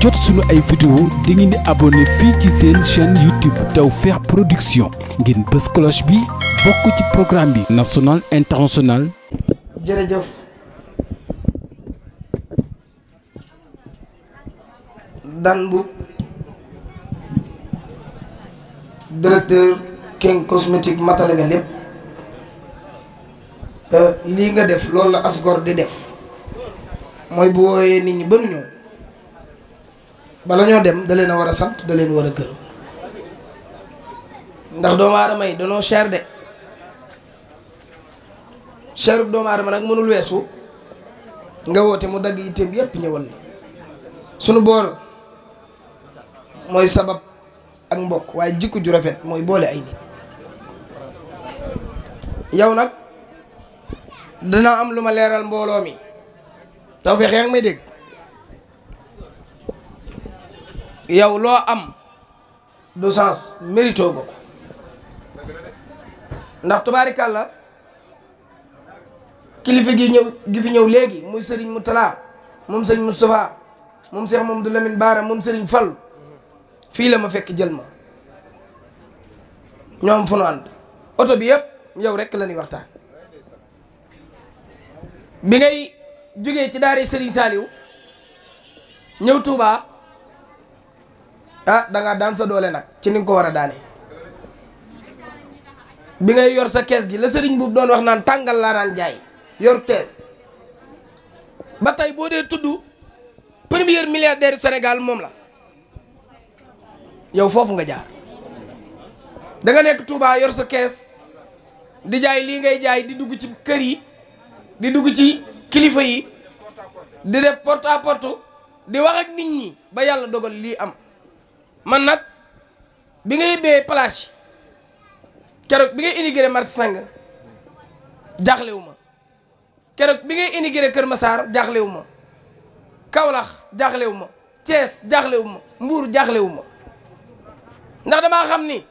jot suñu ay vidéo da ngeen di abonné fii ci seen chaîne YouTube Tawfekh Production ngeen bës cloche bi bokk ci programme bi national international jërëjëf Dan Mboup directeur King cosmétique matale lépp euh, lii nga def loolu la asgor di def mooy bu wooyee nit ñi ba ñu ñëw bala ñoo dem da leen a war a sant da leen war a gërëm ndax doomu aadama yi danoo cher de cher doomu aadama nag mënul weesu nga woote mu dagg yitteem yépp ñëwal la sunu boor mooy sabab ak mbokk waaye jikko ju rafet mooy boole ay nit yow nag dina am lu ma leeral mbooloo mi taw fexe yaa ngi may dégg yow loo am du sens mérito nga ko ndax tubaarikàlla kilifa gi ñëw gi fi ñëw léegi muy sëriñ Serigne Moutala moom Serigne Moustapha moom Cheikh Mamadou Lamine Baara moom Serigne fal fii la ma fekk jël ma ñoom fu nu ànd oto bi yëpp yow rekk la ñuy waxtaan bi ngay jógee ci daara Serigne Saliou ñëw Touba. ah danga daan sa doole nag ci ni nga ko war a daane bi ngay yor sa kees gi la sëriñ buub doon wax naan tàngal laa daan jaay yor kees ba tey boo dee tudd premier milliardaire Sénégal moom la yow foofu nga jaar danga nga nekk Touba yor sa kees di jaay lii ngay jaay di dugg ci kër yi di dugg ci kilifa yi di def porte à porte di wax ak nit ñi ba yàlla dogal lii am. man nag bi nga yëbbee place keroog bi ngay intégré marché sang jaaxlewu ma keroog bi ngay intégré Kër Massar ma Kaolack jaaxlewu ma Thiès jaaxlewu ma mbuur jaaxlewu ma ndax damaa xam ni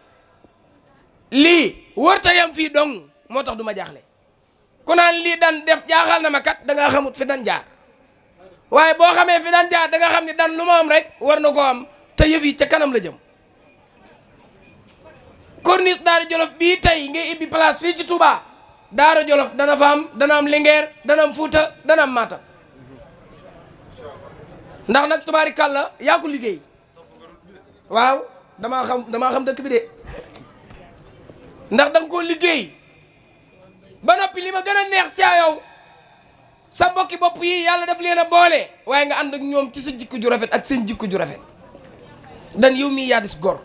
lii wërta yam fii dong moo tax du ma jaaxle ku naan lii daan def jaaxal na ma kat da ngaa xamut fi daan jaar waaye boo xamee fi daan jaar danga xam ni daan lu ma am rek war na koo am te yëf yi ca kanam la jëm corniche Daara Jolof bii tey ngay ibbi place fi ci Touba Daara Jolof dana fa am dana am Linguère dana am Fuuta dana am Matam ndax nag tubaari kàlla yaa ko liggéey waaw damaa xam da xam de ndax da koo liggéey ba noppi li ma gën a neex ca yow sa mbokki bopp yi yàlla daf leen a boole waaye nga ànd ak ñoom ci sa jikko ju rafet ak seen jikko ju rafet dan yow mi yaa dis gor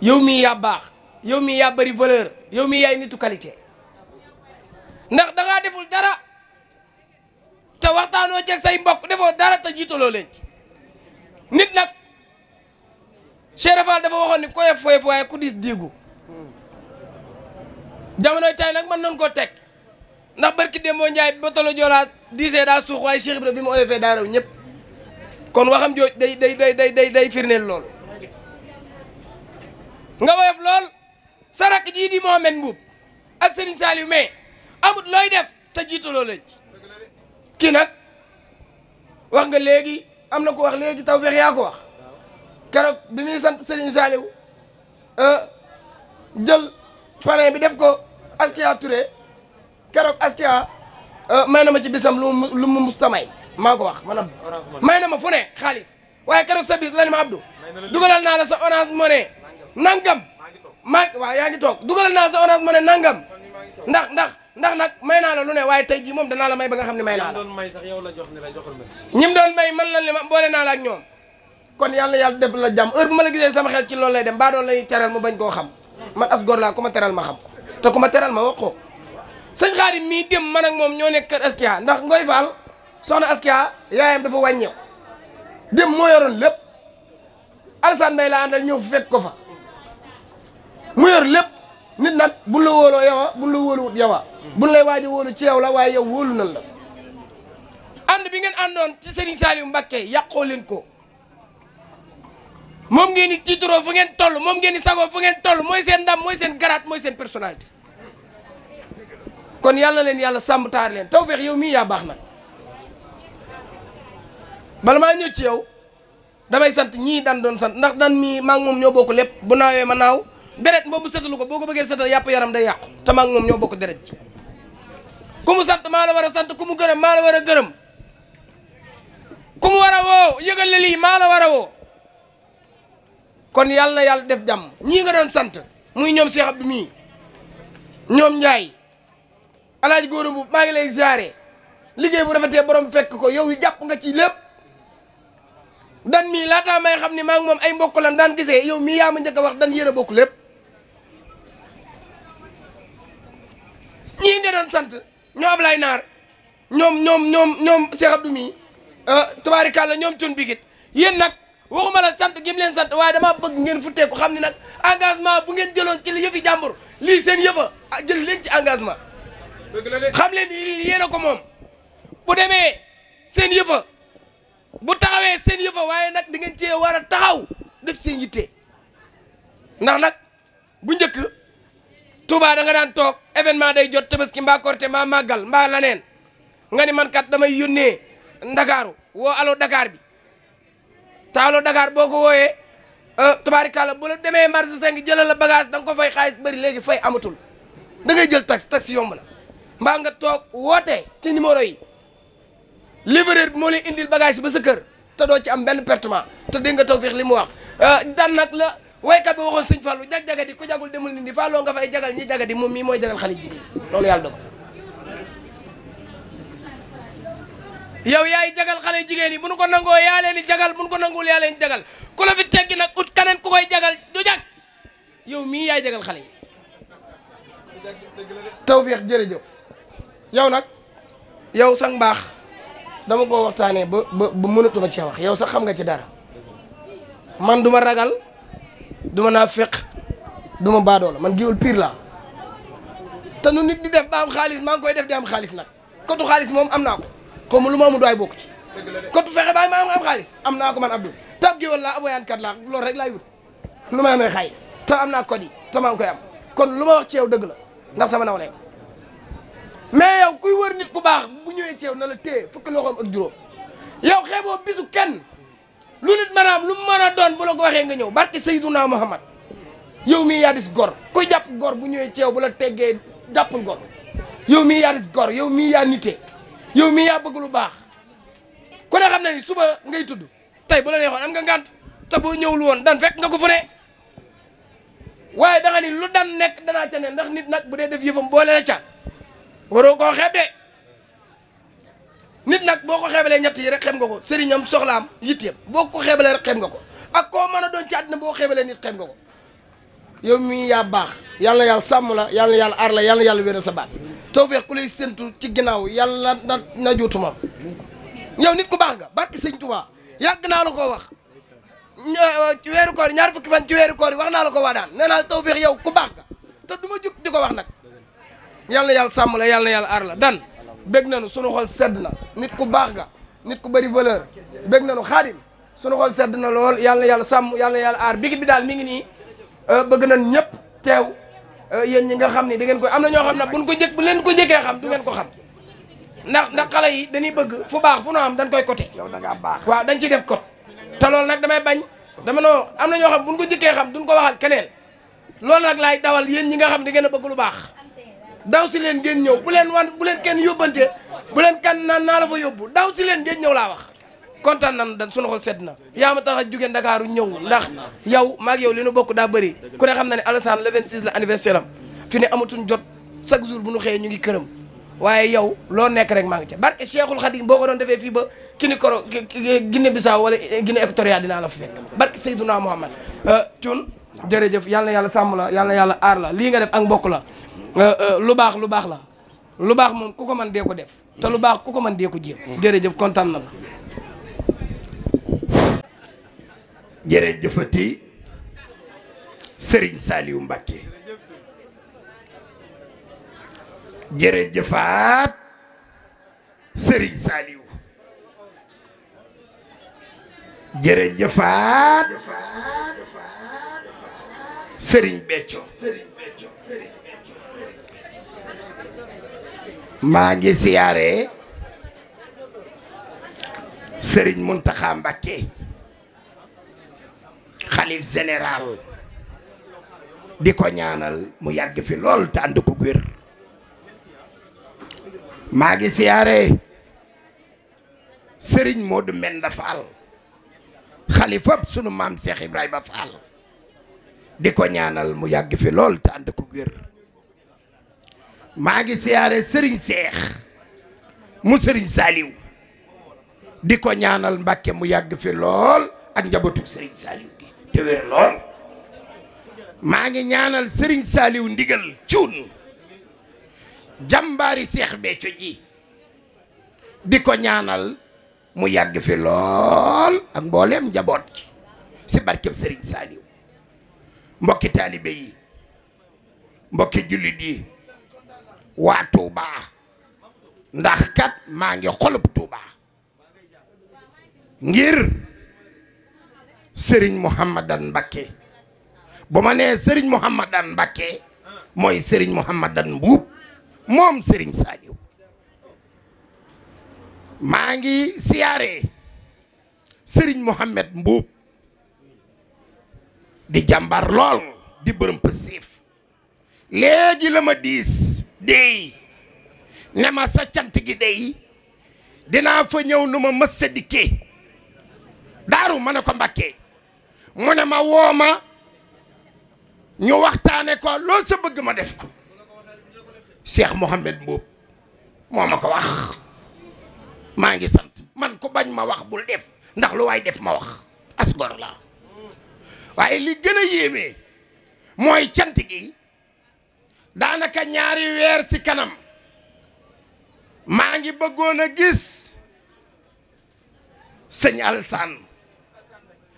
yow mii yaa baax yow mi yaa bari valeur yow mii yaay nitu qualité ndax da deful dara te waxtaanoo jeg say mbokk defoo dara te jiitaloo leen ci nit nag Cheikh Fall dafa waxoon ni koyof foyof waaye ku dis diigu jamonoy tay nag mën nañ koo teg ndax barki démboo Njaay ba tolo joolaa diisee daa suux waaye Cheikh Ibra bi mu oyofee daa raw ñëpp kon waxam jooj day day day day day day firndeel lool nga woyof lool sarak rakk jii di Mohamed Mbuub ak Serigne Saliou mais amut looy def te jiitaloo leen ci kii nag wax nga léegi am na ko wax léegi taw feex yaa ko wax keroog bi muy sant Serigne Saliou euh, jël parrain bi def ko Askia ture keroog Askia euh, may na ma ci bisam lu mu lu mu mustamay maa ko wax man Abdou may na ma fu ne xaalis waaye keroog sa bis lañ ma Abdou dugalal naa la sa orange money nangam maa waaw yaa ngi toog dugalal naa la sa orange money nangam ndax ndax ndax nag may naa la lu ne waaye tey jii moom danaa la may ba nga xam ne may naa la ñim doon may man lan li boole naa la ak ñoom kon yàlla yàlla def la jàmm heure bu ma la gisee sama xel ci loolu lay dem baa doon lay teral mu bañ koo xam man as góor laa ku ma teral ma xam ko te ku ma ma wax ko sëñ Xaadim mii dem man ak moom ñoo nekk kër Askia ndax Ngoy Fall soxna Askia yaayam dafa wàññeeku dem moo yoroon lépp Alassane Mbaye laa àndal ñëw fekk ko fa mu yor lépp nit nag buñ la wóoloo yowa buñ la wóoluwut yowa buñ lay waaj a wóolu ci yow la waaye yow wóolu nan la ànd bi ngeen àndoon ci Serigne Saliou Mbacké yàqoo leen ko moom ngeen di tiituroo fu ngeen toll moom ngeen di sagoo fu ngeen toll mooy seen ndam mooy seen garaat mooy seen personnalité kon yàlla leen yàlla sàmm taar leen tawfeex yow mii yaa baax nag bala maa ñëw ci yow damay sant ñii daan doon sant ndax daan mii maa ngi moom ñoo bokk lépp bu naawee ma naaw deret boobu setalu ko boo ko bëggee setal yàpp yaram day yàqu te maa ngi moom ñoo bokk deret ku mu sant maa la war a sant ku mu gërëm maa la war a gërëm war a woo yëgal la lii war a woo kon yàlla na yàlla def jàmm ñii nga doon sant muy ñoom Cheikh Abdou mii ñoom Ndiaye alaaj góoram bu maa ngi lay ziare liggéey bu rafetee borom fekk ko yow yi jàpp nga ci lépp dan mii laataa may xam ni maa moom ay mbokk lan daan gisee yow mii yaa ma njëkk a wax dan yéen a bokk lépp ñii nga doon sant ñoo ab lay naar ñoom ñoom ñoom ñoom Cheikh Abdou mii euh, tubaarikàlla ñoom cun bigit yéen nag waxuma la sant gi leen sant waaye damaa bëgg ngeen futteeku xam ni nag engagement bu ngeen jëloon ci li yëfi jàmbur lii seen yëfa jël leen ci engagement xam leen yéen a ko moom bu demee seen yëfa bu taxawee seen yëfa waaye nag di ngeen cee war a taxaw def seen yitte ndax nag bu njëkk Touba da nga daan toog événement day jot tabaski mbaa korte mbaa màggal mbaa laneen nga ni man kat damay yónnee ndakaaru woo alo Dakar bi te alo Dakar boo ko wooyee kaala euh, bu la demee marché seng jëlal la bagage da ko fay xaalis bëri léegi fay amatul da ngay jël taxi taxi yomb na mbaa nga toog wootee ci numéro yi livreur bi moo lay indil bagage ba sa kër te doo ci am benn pertement te dégg nga Tawfekh li mu wax euh, daan nag la waykat bi waxoon sëñ Fallou jag jagadi ku jagul demul ni di Fallou nga fay jagal ñi jagadi moom mii mooy jagal xale jigéen yàlla dogal yow yaay jagal xale jigéen yi bu nu ko nangoo yaa di jagal bu ko nanguwul jagal ku la fi teggi nag ut keneen ko koy jagal du jag yow mii yaay jagal xale yi Tawfekh jërëjëf yow nag yow sang baax dama koo waxtaanee ba ba ba mënatuma cee wax yow sax xam nga ci dara man du ragal du ma naa feq du baadoo la man giwul piir laa te nu nit di def ba xaalis maa ngi koy def di am xaalis nag kotu xaalis moom am naa ko xaw ma lu ma amul doy bokk ci. kotu fexe baay ma am xaalis am naa ko man Abdou tab giwal laa aboyaankat laa loolu rek laay wut lu ma amee xaalis te am naa code yi te koy am kon lu ma wax ci dëgg la ndax sama nawle mais yow kuy wër nit ku baax bu ñëwee ci yow na la téye fukki loxoom ak juróom yow xeeboo bisu kenn lu nit maanaam lu mu mën a doon bu la ko waxee nga ñëw barke Seydouna Muhammad yow mii yaa dis gor kuy jàpp gor bu ñëwee ci bu la teggee jàppul gor yow mii yaa dis gor yow mii yaa nite yow mii yaa bëgg lu baax ku ne xam na ni suba ngay tudd tey bu la neexoon am nga ngànt te boo ñëwul woon dan fekk nga ko fu ne waaye da nga lu dan nekk danaa ca ne ndax nit nag bu dee def yëfam boole na ca waroo ko xeeb de nit nag boo ko xeebalee ñett yi rek xeeb nga ko sëriñam soxlaam yitteem boo ko xeebalee rek xem nga ko ak koo mën a doon ci na boo xeebalee nit xeeb nga ko yow mii yaa baax yàlla yàlla sàmm la yàlla yàlla aar la yàlla yàlla wéral sa baat tawfeex ku lay séntu ci ginnaaw yàlla na na juutu moom nit ku baax nga barki sëñ Tuubaa yàgg naa la koo wax ci weeru koor ñaar fukki fan ci weeru koor yi wax naa la ko waa daan nee naa tawfeex yow ku baax nga te duma ma jug di ko wax nag yàlla yàlla sàmm la yàlla yàlla aar la dan bég nañu sunu xol sedd na nit ku baax ga nit ku bëri valeur bég nañu xaadim sunu xol sedd na lool yàlla yàlla sàmm yàlla yàlla aar bigit bi daal mi ngi nii euh, bëgg nañ ñëpp teew euh, yen ñi nga xam ni di ngeen koy am na ñoo xam ne buñ ko jëkk bu leen ko jëkkee xam du ngeen ko xam ndax ndax xale yi dañuy bëgg fu baax fu nu am dañ koy côté yow da ngaa baax waaw dañ ciy def côté te loolu nag damay bañ dama noo am na ñoo xam buñ ko jëkkee xam duñ ko waxal keneen loolu nag laay dawal yéen ñi nga xam di ngeen a bëgg lu baax daw si leen ngeen ñëw bu leen wan bu leen kenn yóbbante bu leen kan naan naa la fa yóbbu daw si leen ngeen ñëw laa wax kontaan nan dan sunu xol sedd na yaa ma tax a jóge Ndakaaru ñëw ndax yow maag yow li nu bokk daa bëri ku ne xam na ne Alassane le 26 la anniversaire am fi ne amatuñ jot chaque jour bu nu xëyee ñu ngi këram waaye yow loo nekk rek maa ngi ca barke Cheikhul Khadim boo ko doon defee fii ba kini koro Guinée Bissau wala Guinée Équatoriale dinaa la fa fekk barke Seydouna Mouhamad euh, Thioune jërëjëf yal na yàlla sàmm la yal yàlla aar lii nga def ak mbokk la euh, baax lu baax la lu baax moom ku ko mën dee ko def te lu baax ku ko mën dee ko jéem jërëjëf kontaan na la jërëjëfati Serigne Saliou Mbacké jërëjëfaat Serigne Saliou jërëjëfaat sëriñ becco maa ngi siyaare sëriñ Muntaxa Mbakke xalif général di ko ñaanal mu yàgg fi lool te ànd ko wér maa ngi siyaare sëriñ Moodu Menda Fall xalifab sunu maam Cheikh Ibrahima Fall di ko ñaanal mu yàgg fi lool te ànd ko wér maa ngi siyaare sëriñ seex mu sëriñ saaliw di ko ñaanal mbàkke mu yàgg fi lool ak njabootu sëriñ saaliw gi te wér lool maa ngi ñaanal sëriñ saaliw ndigal cuun jàmbaari seex becco ji di ko ñaanal mu yàgg fi lool ak mbooleem njaboot ci si barkeb sëriñ saaliw mbokki taalibe yi mbokki jullit yi waa Touba ndax kat maa ngi xolub Touba ngir Serigne Mouhamadan Mbakke bu ma nee Serigne Mouhamadan Mbakke mooy Serigne Mouhamadan Mbuub moom Serigne Saliou maa ngi siyaare Serigne Mohamed Mbuub di jàmbar lool di bërëm pësiif léegi la ma diis dey ne ma sa cant gi dey dinaa fa ñëw nu ma mës sa dikkee daaru ma ne ko mbakkee mu ne ma woo ma ñu waxtaane ko loo sa bëgg ma def ko Cheikh Mohamed Mboob moo ma ko wax maa ngi sant man ko bañ ma wax bul def ndax lu waay def ma wax asgor la waaye li gën a yéeme mooy cant gi daanaka ñaari weer ci kanam maa ngi bëggoon a gis sëñ Alsaan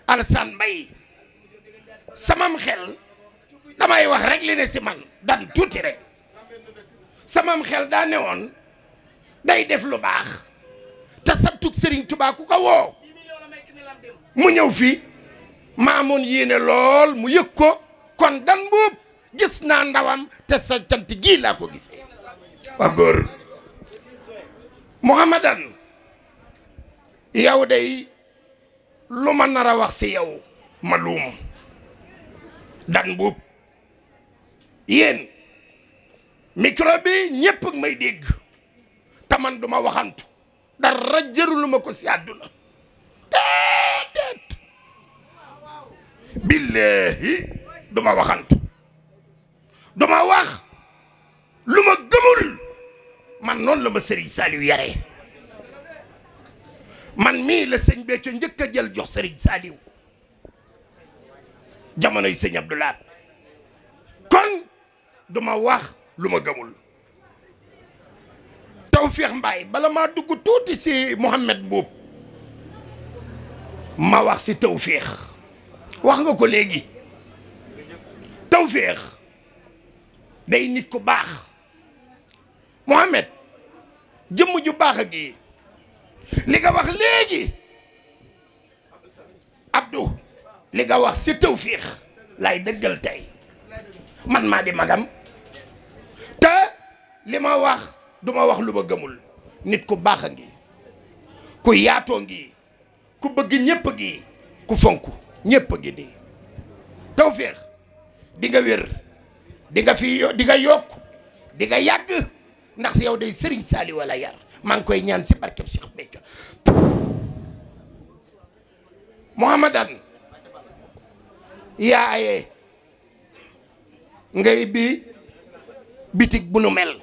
Alsaan Mbay samam xel damay wax rek li ne ci man dan tuuti rek samam xel daa ne woon day def lu baax te sabtug Sëriñ Tubaa ku ko woo mu ñëw fii maamoon yéene lool mu yëg ko kon dan buub gis naa ndawam te sa cant gii laa ko gisee waa góor muhammadan yow day lu ma nar a wax si yow ma luum dan buub yéen micro bi ñëpp may dégg te man du ma waxantu dara jëru lu ma ko ci àdduna billaahi du ma waxantu du ma wax lu ma gëmul man noonu la ma sëriñ Saliou yare man mii la sëñ Béthio njëkk a jël jox sëriñ Saliou jamonoy sëñ Abdou kon du ma wax lu ma gëmul tawféex Mbaye bala maa dugg tuuti si Mouhamed Mboup ma wax si Tawfekh wax nga ko léegi tawféex day nit ku baax Mohamed jëmm ju baax a gi li nga wax léegi Abdou li nga wax si tawféex lay dëggal tay man maa di magam te li ma wax du ma wax lu ma gëmul nit ku baax a ngi ku yaatoo ngi ku bëgg ñépp ngi ku fonk ñépp ngi nii tawféex di nga wér di nga fi di nga yokk di nga yàgg ndax si yow day sëriñ saali wala yar maa ngi koy ñaan si barkeb Cheikh Béthio Muhammadan yaaye nga bi bitig bu nu mel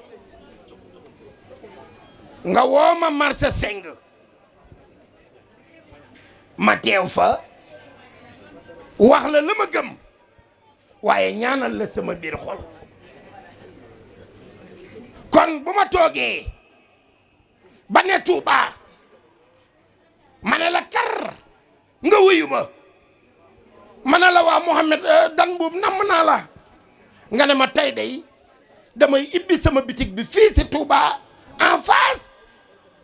nga wooma marché seng ma teew fa wax la la ma gëm waaye ñaanal la sama biir xol kon bu ma toogee ba ne Tuubaa ma ne la kar nga wuyu ma ma ne la waa Mouhamed euh, dan buub namm naa la nga ne ma tey day damay ibbi sama bitig bi fii si Touba en face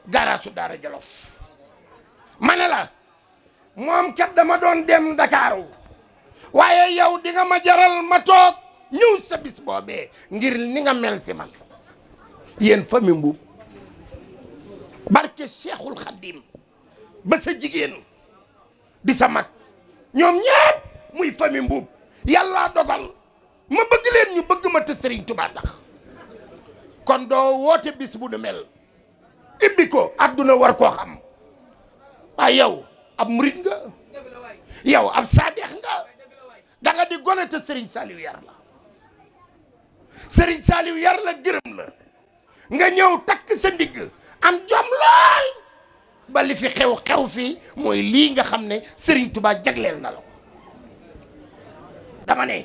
garaasu Daara Jolof ma ne la moom kat dama doon dem Ndakaaru waaye yow dinga ma jaral ma toog ñëw sa bis boobee ngir ni nga mel si man yéen fami mbuub barke Cheikhul Khadim ba sa jigéen di sa mag ñoom ñépp muy fami mbuub yàllaa dogal ma bëgg leen ñu bëgg ma te Serigne tax kon doo woote bis bu nu mel ibbi ko adduna war koo xam waaye yow ab murit nga yow ab saadeex nga da nga di gone te Serigne Saliou yar la Serigne Saliou yar la gërëm la nga ñëw takk sa ndigg am jom lool ba li fi xew xew fii mooy lii nga xam ne sëriñ Touba jagleel na la ko dama ne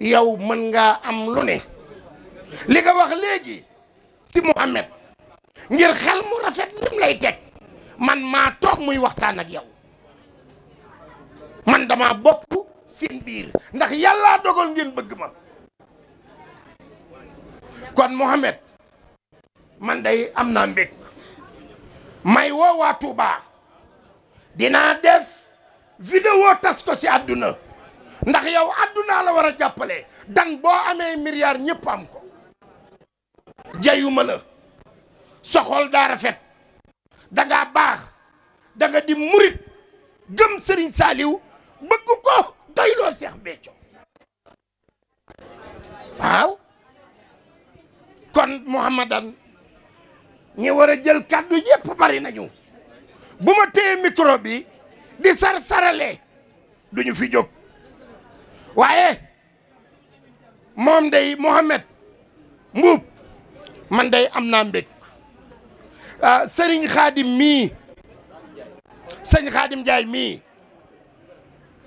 yow mën ngaa am lu ne li nga wax léegi si Mouhamed ngir xel mu rafet nim lay teg man maa toog muy waxtaan ak yow man dama bopp seen biir ndax yàlla dogal ngeen bëgg ma kon Mohamed man day am naa mbég may woo waa Touba dinaa def vidéo tas ko ci àdduna ndax yow àdduna la war a jàppale dan boo amee milliard ñëpp am ko jayuma la soxol daa rafet da ngaa baax da di murit gëm Serigne Saliou bëgg ko doyloo Seex Béthio waaw kon Mouhamadan ñi war a jël kàddu yëpp bari bu ma téye micro bi di sar duñu fi jóg waaye moom day Mohamed Mbuub man day am naa mbég ah, Serigne Khadim mii Serigne Khadim Ndiaye mii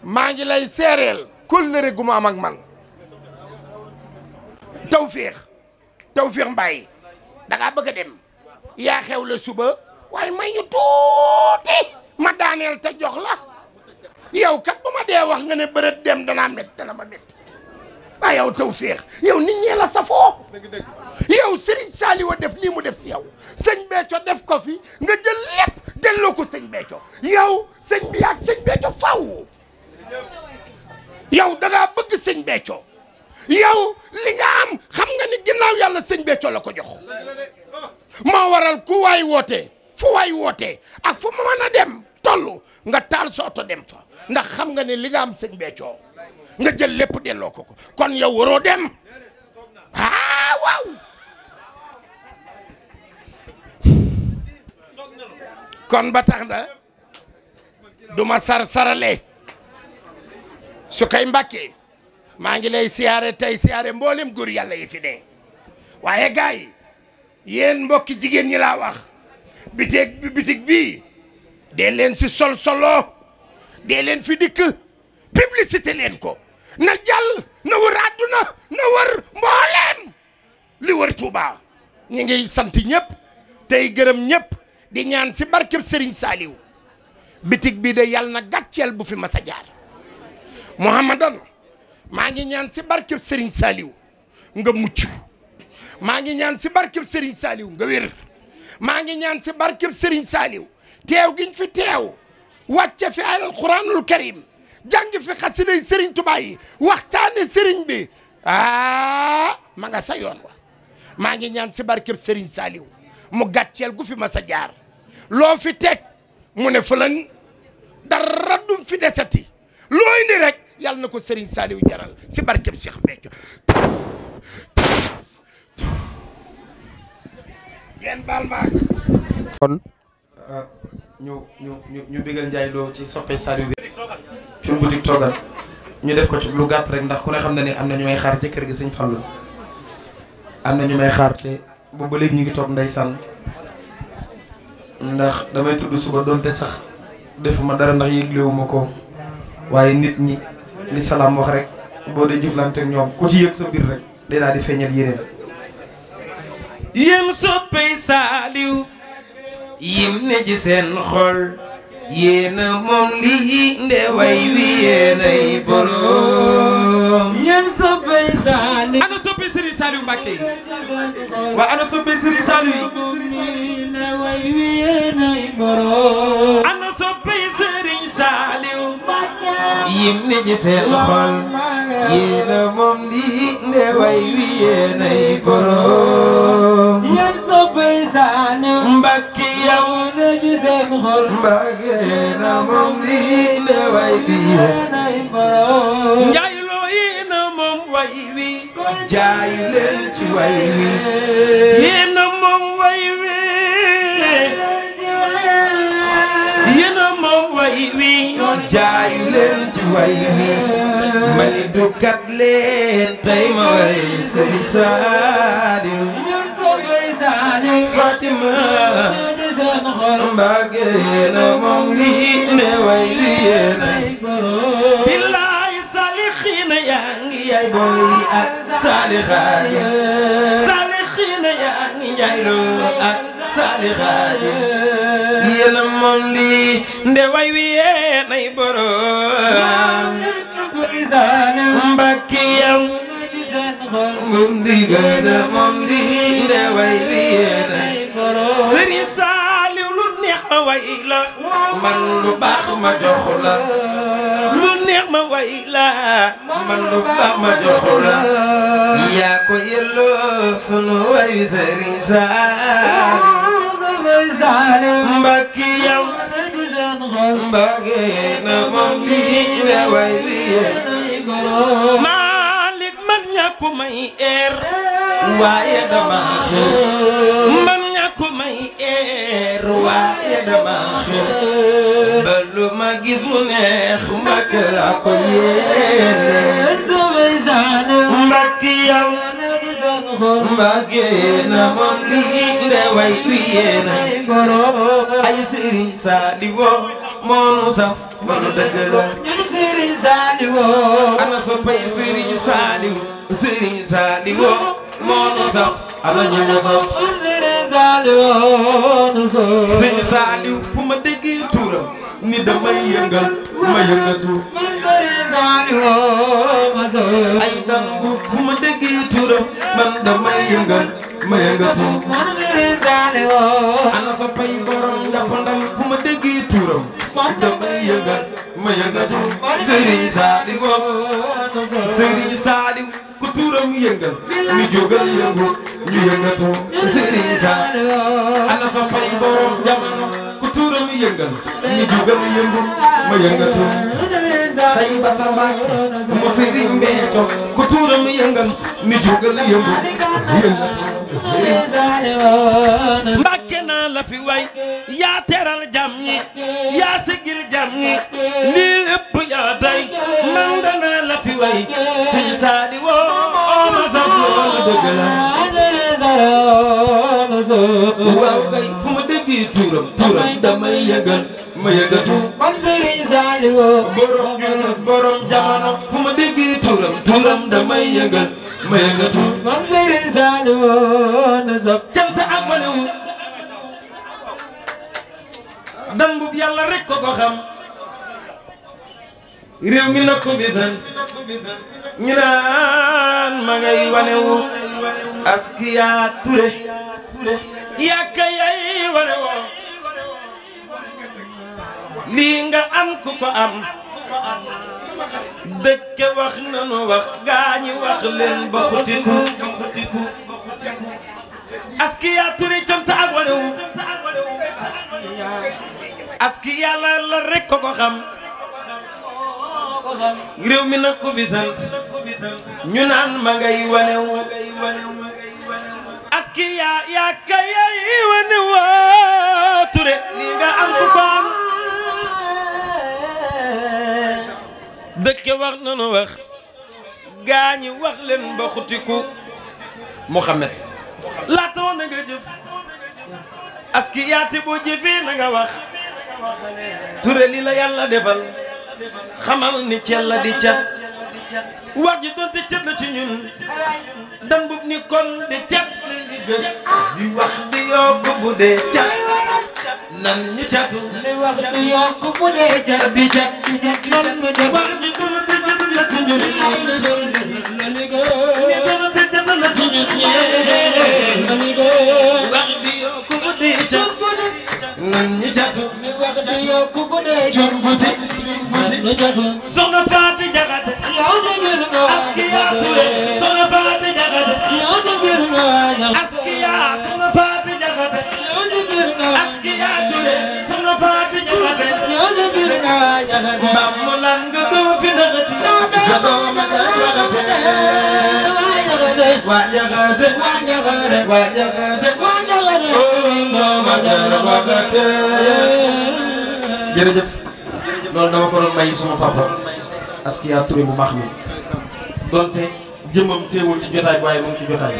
maa ngi lay seereel kóllëre gu ma am ak man tawféex tawféex mbaay da ngaa bëgg a dem yaa xew la suba waaye may ñu tuuti ma daaneel te jox la yow kat bu ma dee wax nga ne bërët dem danaa met dana ma met waaye yow tawféex yow nit ñee la safoo yow Serigne Saliou def lii mu def si yow sëñ Béthio def ko fi wootee fu waay wootee ak fu mu mën dem toll nga taal sa dem fa ndax xam nga ne li nga am nga jël lépp delloo ko ko kon yow waroo dem ah waaw kon batax tax duma sar sarale su koy mbàkkee maa ngi lay siyaare tey siyaare mboolem góor yàlla yi fi ne waaye gars yi mbokki jigéen ñi laa biteeg bi bitig bii dee leen si sol solo dee leen fi dikk publicité leen ko na jàll na wër àdduna na wër mbooleem li wër Touba ñu ngi sant ñëpp tey gërëm ñëpp di ñaan si barkeb Serigne Saliou bitik bi de yàlla na gàcceel bu fi mas a jaar Mouhamadan maa ngi ñaan si barkeb Serigne Saliou nga mucc maa ngi ñaan si barkeb Serigne Saliou nga wér maa ngi ñaan si barkeb Serigne Saliou teew giñ fi teew wàcce fi alquranul karim jàng fi xasiday Serigne Touba yi waxtaane Serigne bi ah ma sa yoon wa maa ngi ñaan si barkeb Serigne Saliou mu gàcceel gu fi ma sa jaar loo fi teg mu ne fëlëng dara dum fi desati loo indi rek yàlla na ko Serigne Saliou jaral si barkeb Cheikh Béthio ngeen baal ma kon ah, ñu ñu ñu ñu bégal Ndiaye Lo ci soppe Saliou bi ci boutique toogal ñu def ko ci lu gàtt rek ndax ku ne xam na ni am na ñu may xaar ci kër gi sañ Fallou am na may xaar te boobu ba ñu ngi toog ndeysaan ndax damay tudd suba doonte sax defuma dara ndax yëglewu ko waaye nit ñi li salaam wax rek boo dee jëflante ak ñoom ku ci yëg sa biir rek day daal di feeñal yéneen yéen soppey saaliw yim ne ci seen xol yéena moom lii ndeway wi yéenay borom yéen soppey saaliw ana soppey sëriñ saaliw mbàkke yi waa ana soppey sëriñ saaliw yi ndeway wi yéenay borom ana soppey sëriñ saaliw yim ne ci seen xol yéena moom lii ndeway wi yéenay borom seen xol mbaage na moom lii ne way bi nay borom njaay loo yi na moom way wi jaay leen ci way wi yee na moom way wi yee na moom way wi jaay leen ci way wi mali du kat leen tey ma way sëriñ Saaliw Fatima xol mbàkke yéena moom lii ne way li yéena billaay saalixiina yaa ngi yaay booy ak saalixaaja saalixiina yaa ngi njaayloo ak saalixaaja yéena moom lii nde way wi yéenay boroom mbàkke yow moom di gën a moom lii nde way wi lu baax ma jox la ma way la man lu baax ma jox yaa ko yelloo sunu way sëriñ saali mbakki yow mbakki na moom lii la way bi Malik mag ñàkku may eer waaye dama man waaye dama xër ba ma gis mu neex Mbàkke laa ko yéene Mbàkke yow Mbàkke na moom liggéey ndeway wi yéena ay sëriñ Saaliwo moonu saf ba nu dëgg la sëriñ Saaliwo ana soppay sëriñ Saaliwo sëriñ Saaliwo moonu saf ana ñu mu saf sëñ Saliou fu ma ni damay yëngal ma yëngatu ay dangu fu ma déggee tuuram man damay yëngal ma yëngatu ana sa pay borom jàppandal fu ma déggee tuuram turam yëngal ñu jógal yëngu ñu yëngatoo Serigne Sall ana sa fay borom jamono ku turam yëngal ñu jógal yëngu ma yëngatoo say bata Mbàkke mu Serigne Béthio ku turam yëngal ñu jógal yëngu yëngatoo mbàkke naa la fi way yaa teral jam ñi yaa sigil jam ñi lii lépp yaa tey nanda naa la way sëñ woo ma sa borom borom jamono fu ma déggee damay yëgal ma yëngatu moom Seydou Sadio na sab cant yàlla rek ko ko mi nag bisan ñu naan ma ngay wanewu askiya Touré yàkka lii nga am ku am dëkk wax nanu wax gaañi wax leen ba xutiku askiya ture cant ak wanewu askiya la la ko ko xam réew mi nag ko ñu naan ma ngay wanewu askiya yaa kayay wanewu ture ni nga am ko dëkk wax nanu wax gaañi wax leen ba xutiku Muhammad laata woon na nga jëf aski yaate boo jëfee na nga wax ture li la yàlla defal xamal ni cel di cat wax ji doonte cat la ci ñun dan bub ni kon di cat la di gën di wax di yokk bu dee cat nan ñu jàpp. li wax du yokk mu dee jar di jag di jag nan mu dem. wax ji dul di jëm la ci ñun. ay na dul di jëm la ni ko. li dul di jëm la ci ñun. ñee la ni ko. wax bi yokk mu dee jar. nan ñu jàpp. li wax du yokk mu dee jar bu ti. nan ñu jàpp. soxna Fatou Diakhaté. yow de gën nga waay. ak kii yaa tuddee. soxna Fatou Diakhaté. yow de gën nga waay. ak kii yaa. jërëjëf loolu dama ko doon may sama papa askiya Touré bu baax mi donte jëmmam teewul ci jotaay bi waaye moom ci jotaay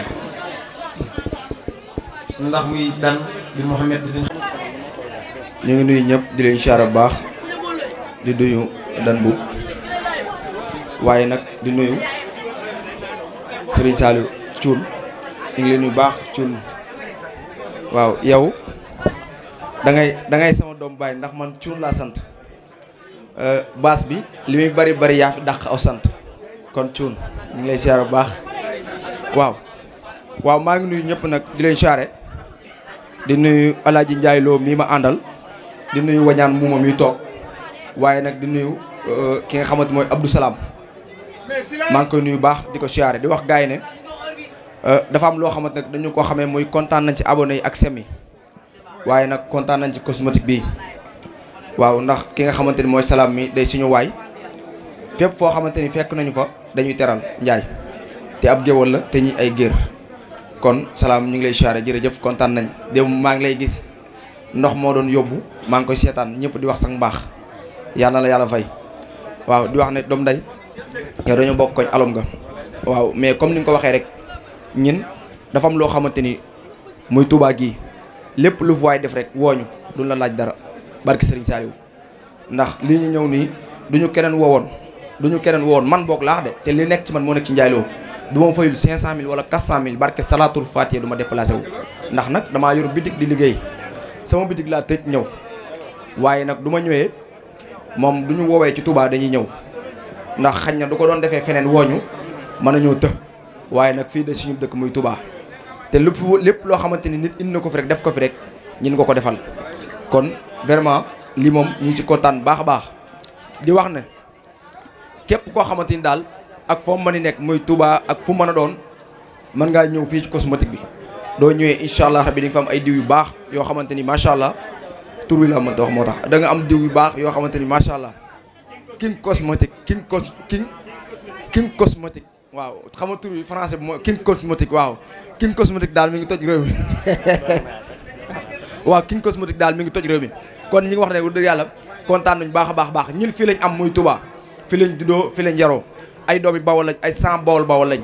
bi ndax muy dan bi Mouhamed bi ñu ngi nuyu ñëpp di leen siyaare bu baax di nuyu Dan Mboup waaye nag di nuyu Serigne Saliou Thioune ñu ngi leen nuyu baax Thioune waaw yow dangay dangay sama doom bàyyi ndax man Thioune laa sant euh, baas bi li muy bari bari yaa fi dàq aw sant kon Thioune ñu ngi lay siyaare bu baax waaw waaw maa ngi nuyu ñëpp nag di leen siyaare di nuyu Alaaji Njaay njaayloo mii ma àndal di nuyu wañaan mu moom yi toog waaye nag di nuyu euh, ki nga xamante mooy Abdou Salaam maa ngi koy nuyu baax di ko siyaare di wax gars yi ne euh, dafa am loo xamante nag dañu ko xamee muy kontaan nañ ci abon yi ak semi waaye nag kontaan nañ ci cosmétique bi waaw ndax ki nga xamante ni mooy salaam mi day suñu waay fépp foo xamante ni fekk nañu fa dañuy teral njaay te ab géwal la te ñi ay géer kon salaam ñu ngi lay siyaare jërëjëf kontaan nañ démb maa ngi lay gis ndox moo doon yóbbu maa ngi koy seetaan ñëpp di wax sax mbaax yàlla na la yàlla fay waaw di wax ne doom day yow dañoo bokk koñ alom nga waaw mais comme ni nga ko waxee rek ñin dafa am loo xamante ni muy Touba gii lépp lu waay def rek wooñu du la laaj dara barki Serigne Saliou ndax lii ñu ñëw nii duñu keneen woowoon duñu keneen woowoon man boog laax de te li nekk ci man moo nekk ci njaayloo du ma fayul 500000 wala 400000 barke Salatul Fatiha du ma déplacé wu damaa yor bitig di liggéey sama bitig laa tëj ñëw waaye nag du ma ñëwee moom du ñu woowee ci Touba dañuy ñëw ndax xañ na du ko doon defee feneen wooñu mën a ñëw të waaye nag fii de suñu dëkk muy Touba te lépp lépp loo xamante ni nit indi ko fi rek def ko fi rek ñin ko ko defal kon vraiment lii moom ñu ci kontaan baax a baax di wax ne képp koo xamante ni daal ak foo mën a nekk muy Touba ak fu mën a doon mën ngaa ñëw fii ci cosmétique bi doo ñëwee incha allah rabi di nga fa am ay diw yu baax yoo xamante ni macha allah tur wi la mënta wax moo tax da am diw yu baax yoo xamante ni macha allah king cosmétique king cos king king cosmétique waaw xam nga tur bi français bi mooy king cosmétique waaw king cosmétique daal mi ngi toj réew mi waaw king cosmétique daal mi ngi toj réew mi kon ñi ngi wax ne wax dëgg yàlla kontaan nañu baax baax baax ñun fii lañ am muy Touba fi lañ juddoo fi lañ yaroo ay doomi bawol lañ ay sans bawol lañ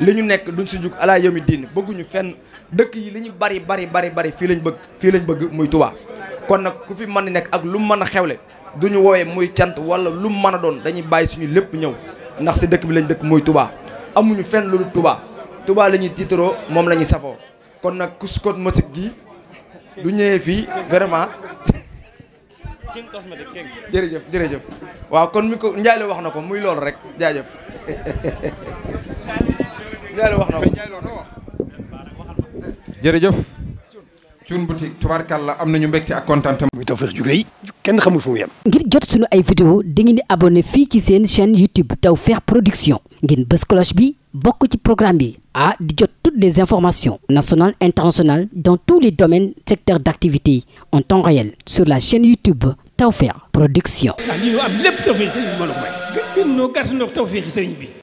li ñu nekk duñ si jug dëkk yi li ñu bari bari bari bari fii lañu bëgg fii lañ bëgg muy Touba kon nag ku fi mën a nekk ak lu mën a xewle du ñu woowee muy cant wala lu mën a doon dañuy bàyyi suñu lépp ñëw ndax si dëkk bi lañ dëkk muy tubaa amuñu fenn lu Touba tubaa la ñuy tiitaroo moom la ñuy safoo kon nag Kuskot Musique gi du ñëwee fii vraiment jërëjëf jërëjëf waaw kon mi ko Ndiaye wax na ko muy loolu rek jaajëf Ndiaye wax na ko. jërëjëf. Thioune boutique tubaarkàlla am nañu mbégte ak contentement. muy Tawfekh ju rëy kenn xamul fu mu yem. ngir jot sunu ay vidéo dangeen di abonné fii ci seen chaîne YouTube Tawfekh Production ngeen bës bi bokk ci programme bi a di jot toutes des informations nationales internationales dans tous les domaines secteurs d'activité en temps réel sur la chaîne YouTube Tawfekh Production. a ah, may. gën noo